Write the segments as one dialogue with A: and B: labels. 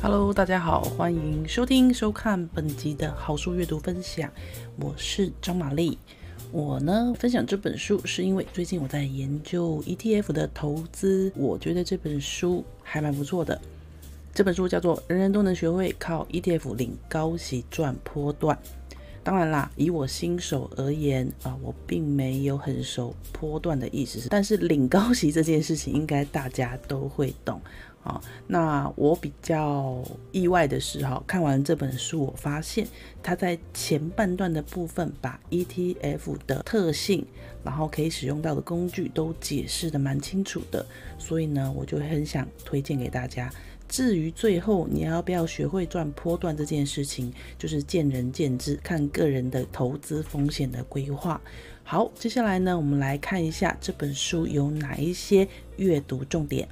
A: Hello，大家好，歡迎收聽收看本集的好書閱讀分享。我是張馬力。我呢，分享這本書是因為最近我在研究 ETF 的投資，我覺得這本書還蠻不錯的。這本書叫做《人人都能學會靠 ETF 領高息賺波段》。當然啦，以我新手而言啊、呃，我並沒有很熟波段的意思，但是領高息這件事情，應該大家都會懂。那我比較意外的是，哈，看完這本書，我發現它在前半段的部分，把 ETF 的特性，然後可以使用到的工具都解釋得蠻清楚的，所以呢，我就很想推薦給大家。至於最後你要不要學會賺波段這件事情，就是見仁見智，看個人的投資風險的規劃。好，接下來呢，我們來看一下這本書有哪一些閱讀重點。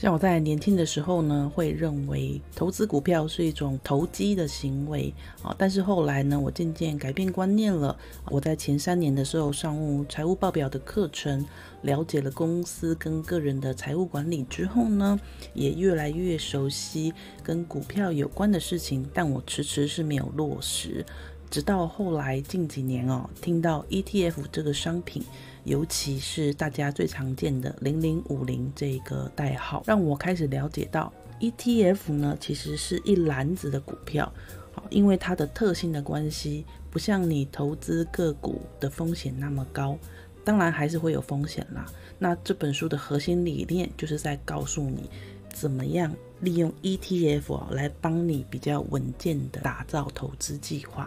A: 像我在年輕的時候呢，會認為投資股票是一種投機的行為啊。但是後來呢，我漸漸改變觀念了。我在前三年的時候上財務報表的課程，了解了公司跟個人的財務管理之後呢，也越來越熟悉跟股票有關的事情。但我遲遲是沒有落實。直到後來近幾年哦，聽到 ETF 這個商品，尤其是大家最常見的零零五零這個代號，讓我開始了解到 ETF 呢，其實是一籃子的股票。好，因為它的特性的關係，不像你投資個股的風險那麼高，當然還是會有風險啦。那這本書的核心理念就是在告訴你，怎麼樣利用 ETF 哦來幫你比較穩健地打造投資計劃。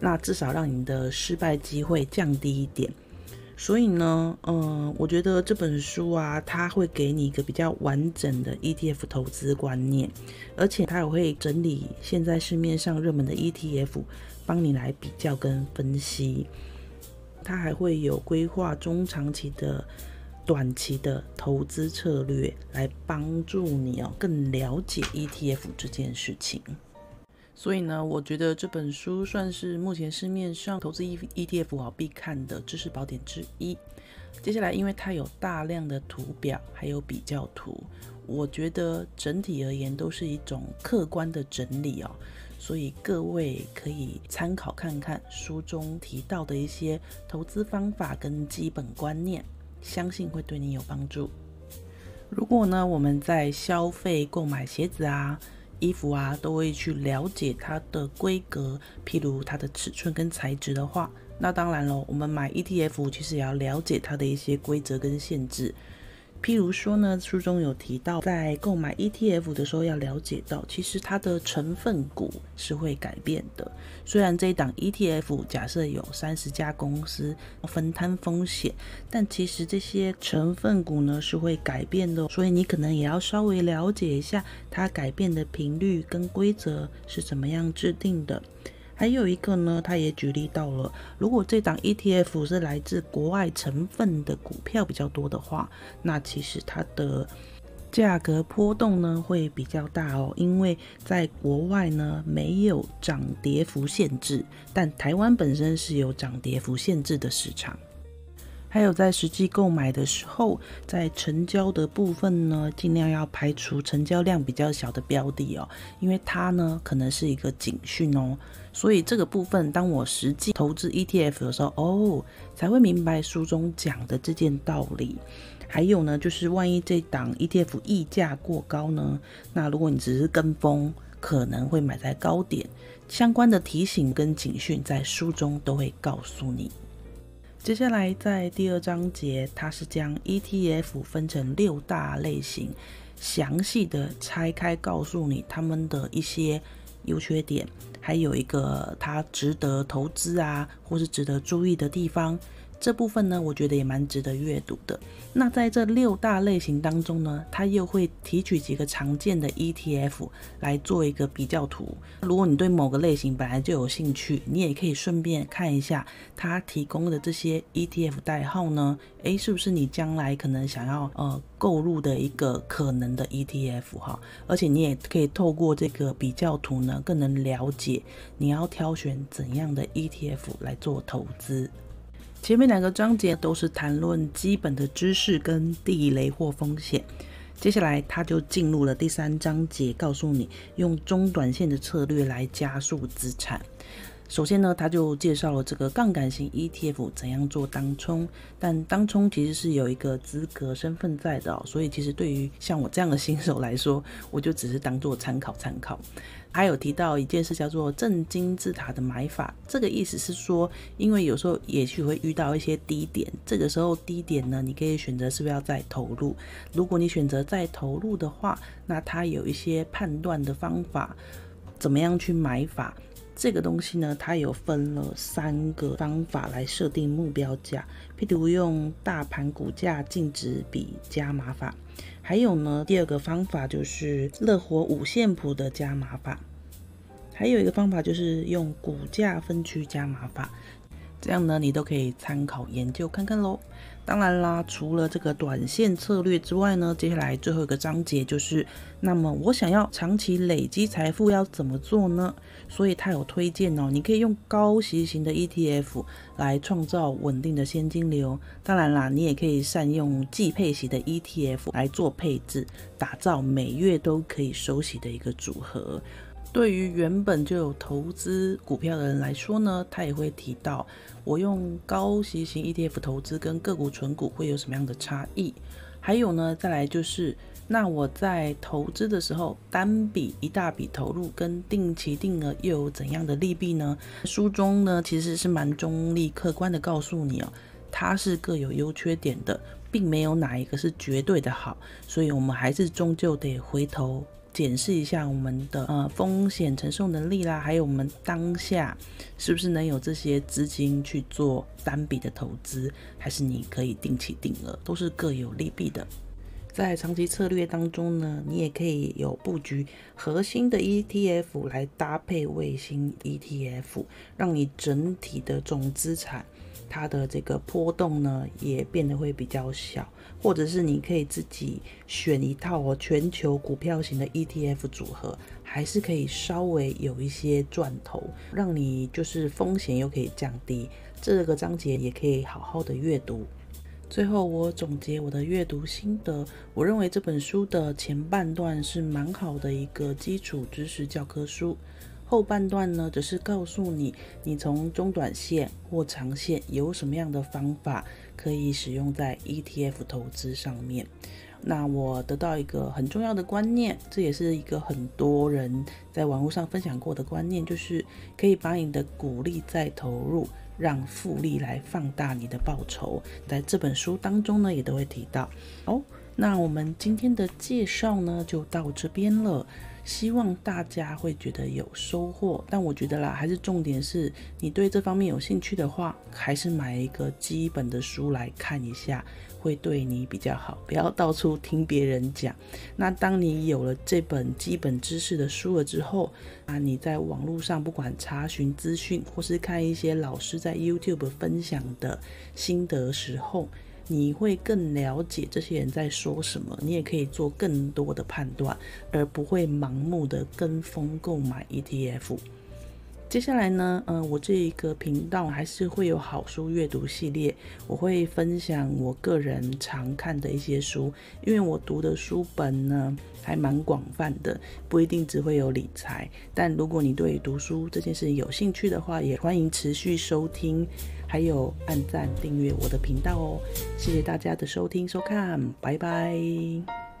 A: 那至少讓你的失敗機會降低一點。所以呢，嗯，我覺得這本書啊，它會給你一個比較完整的 ETF 投資觀念，而且它也會整理現在市面上熱門的 ETF，幫你來比較跟分析。它還會有規劃中長期的、短期的投資策略，來幫助你哦，更了解 ETF 這件事情。所以呢，我覺得這本書算是目前市面上投資 ETF 好必看的知識寶典之一。接下來，因為它有大量的圖表，還有比較圖，我覺得整體而言都是一種客觀的整理哦，所以各位可以參考看看書中提到的一些投資方法跟基本觀念，相信會對你有幫助。如果呢，我們在消費購買鞋子啊。衣服啊，都會去了解它的規格，譬如它的尺寸跟材質的話，那當然了，我們買 ETF 其實也要了解它的一些規則跟限制。譬如說呢，書中有提到，在購買 ETF 的時候要了解到，其實它的成分股是會改變的。雖然這一檔 ETF 假設有三十家公司分攤風險，但其實這些成分股呢是會改變的，所以你可能也要稍微了解一下它改變的頻率跟規則是怎麼樣制定的。還有一個呢，他也舉例到了，如果這檔 ETF 是來自國外成分的股票比較多的話，那其實它的價格波動呢會比較大哦，因為在國外呢沒有漲跌幅限制，但台灣本身是有漲跌幅限制的市場。還有在實際購買的時候，在成交的部分呢，盡量要排除成交量比較小的標的哦，因為它呢可能是一個警訊哦。所以這個部分，當我實際投資 ETF 的時候哦，才會明白書中講的這件道理。還有呢，就是萬一這檔 ETF 溢價過高呢，那如果你只是跟風，可能會買在高點。相關的提醒跟警訊在書中都會告訴你。接下來，在第二章節，它是將 ETF 分成六大類型，詳細的拆開告訴你它們的一些優缺點，還有一個它值得投資啊，或是值得注意的地方。這部分呢，我覺得也蠻值得閱讀的。那在這六大類型當中呢，它又會提取幾個常見的 ETF 來做一個比較圖。如果你對某個類型本來就有興趣，你也可以順便看一下它提供的這些 ETF 代號呢，誒，是不是你將來可能想要呃購入的一個可能的 ETF 哈？而且你也可以透過這個比較圖呢，更能了解你要挑選怎樣的 ETF 來做投資。前面兩個章節都是談論基本的知識跟地雷或風險，接下來他就進入了第三章節，告訴你用中短線的策略來加速資產。首先呢，他就介紹了這個槓桿型 ETF 怎樣做當沖，但當沖其實是有一個資格身份在的哦，所以其實對於像我這樣的新手來說，我就只是當做參考參考。還有提到一件事叫做正金字塔的買法，這個意思是說，因為有時候也許會遇到一些低點，這個時候低點呢，你可以選擇是不是要再投入。如果你選擇再投入的話，那它有一些判斷的方法，怎麼樣去買法？這個東西呢，它有分了三個方法來設定目標價，譬如用大盤股價淨值比加碼法，還有呢，第二個方法就是樂活五線譜的加碼法，還有一個方法就是用股價分區加碼法。這樣呢，你都可以參考研究看看嘍。當然啦，除了這個短線策略之外呢，接下來最後一個章節就是，那麼我想要長期累積財富要怎麼做呢？所以他有推薦哦，你可以用高息型的 ETF 來創造穩定的現金流。當然啦，你也可以善用季配息型的 ETF 來做配置，打造每月都可以收息的一個組合。對於原本就有投資股票的人來說呢，他也會提到我用高息型 ETF 投資跟個股存股會有什麼樣的差異。還有呢，再來就是，那我在投資的時候，單筆一大筆投入跟定期定額又有怎樣的利弊呢？書中呢，其實是蠻中立客觀的告訴你哦，它是各有優缺點的，並沒有哪一個是絕對的好，所以我們還是終究得回頭，檢視一下我們的呃風險承受能力啦，還有我們當下是不是能有這些資金去做單筆的投資，還是你可以定期定額，都是各有利弊的。在長期策略當中呢，你也可以有佈局核心的 ETF 來搭配衛星 ETF，讓你整體的總資產。它的這個波動呢，也變得會比較小，或者是你可以自己選一套哦，全球股票型的 ETF 組合，還是可以稍微有一些賺頭，讓你就是風險又可以降低。這個章節也可以好好的閱讀。最後，我總結我的閱讀心得，我認為這本書的前半段是蠻好的一個基礎知識教科書。後半段呢，只是告訴你，你從中短線或長線有什麼樣的方法可以使用在 ETF 投資上面。那我得到一個很重要的觀念，這也是一個很多人在網絡上分享過的觀念，就是可以把你的股利再投入，讓複利來放大你的報酬。在這本書當中呢，也都會提到哦。那我們今天的介紹呢，就到這邊了。希望大家會覺得有收穫。但我覺得啦，還是重點是，你對這方面有興趣的話，還是買一個基本的書來看一下，會對你比較好。不要到處聽別人講。那當你有了這本基本知識的書了之後，啊，你在網絡上不管查詢資訊，或是看一些老師在 YouTube 分享的心得時候，你會更了解這些人在說什麼，你也可以做更多的判斷，而不會盲目的跟風購買 ETF。接下來呢，呃，我這一個頻道還是會有好書閱讀系列，我會分享我個人常看的一些書，因為我讀的書本呢還蠻廣泛的，不一定只會有理財。但如果你對讀書這件事有興趣的話，也歡迎持續收聽，還有按贊訂閱我的頻道哦。謝謝大家的收聽收看，拜拜。